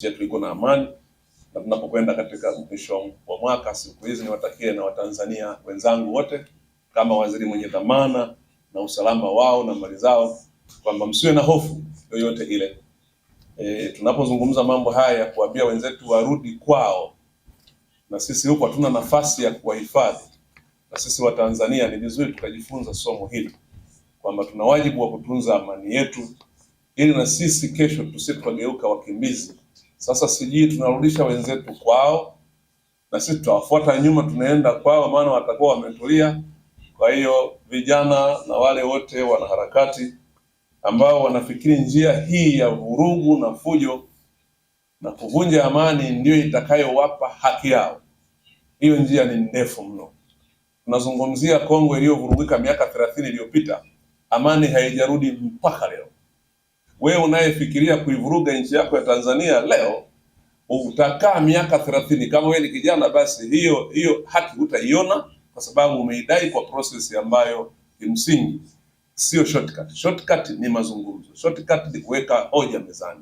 Je, iko na amani na tunapokwenda katika mwisho wa mwaka siku hizi, niwatakie na Watanzania wenzangu wote kama waziri mwenye dhamana na usalama wao na mali zao kwamba msiwe na hofu yoyote ile. E, tunapozungumza mambo haya ya kuambia wenzetu warudi kwao, na sisi huko hatuna nafasi ya kuwahifadhi, na sisi Watanzania ni vizuri tukajifunza somo hili kwamba tuna wajibu wa kutunza amani yetu ili na sisi kesho tusipogeuka wakimbizi sasa sijui tunarudisha wenzetu kwao na sisi tutawafuata nyuma, tunaenda kwao, maana watakuwa wametulia. Kwa hiyo vijana na wale wote wanaharakati ambao wanafikiri njia hii ya vurugu na fujo na kuvunja amani ndiyo itakayowapa haki yao, hiyo njia ni ndefu mno. Tunazungumzia Kongo iliyovurugika miaka thelathini iliyopita, amani haijarudi mpaka leo wewe unayefikiria kuivuruga nchi yako ya Tanzania leo utakaa miaka thelathini. Kama wewe ni kijana, basi hiyo hiyo haki utaiona, kwa sababu umeidai kwa process ambayo kimsingi sio shortcut. Shortcut ni mazungumzo, shortcut ni kuweka hoja mezani,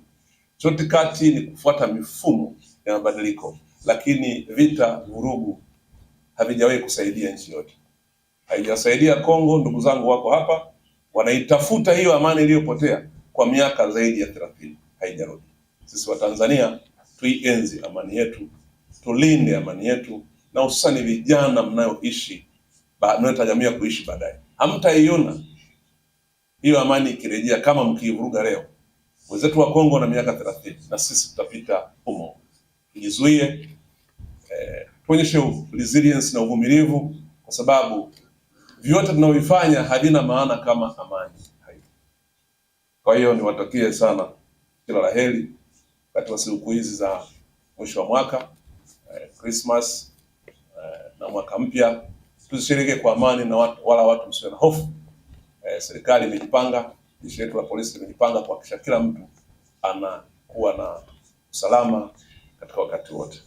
shortcut ni kufuata mifumo ya mabadiliko, lakini vita, vurugu havijawahi kusaidia nchi yote, haijasaidia Kongo. Ndugu zangu wako hapa wanaitafuta hiyo amani iliyopotea kwa miaka zaidi ya thelathini haijarudi. Sisi Watanzania tuienzi amani yetu, tulinde amani yetu, na hususani vijana mnayoishi mnayotajamia kuishi baadaye. Hamtaiona hiyo amani ikirejea kama mkiivuruga leo. Wenzetu wa Kongo na miaka thelathini, na sisi tutapita humo. Tujizuie eh, tuonyeshe resilience na uvumilivu, kwa sababu vyote tunavyofanya havina maana kama amani kwa hiyo niwatakie sana kila la heri katika siku hizi za mwisho wa mwaka eh, Christmas eh, na mwaka mpya. Tusishiriki kwa amani na watu, wala watu msiwe na hofu eh, serikali imejipanga, jeshi letu la polisi limejipanga kuhakikisha kila mtu anakuwa na usalama katika wakati wote.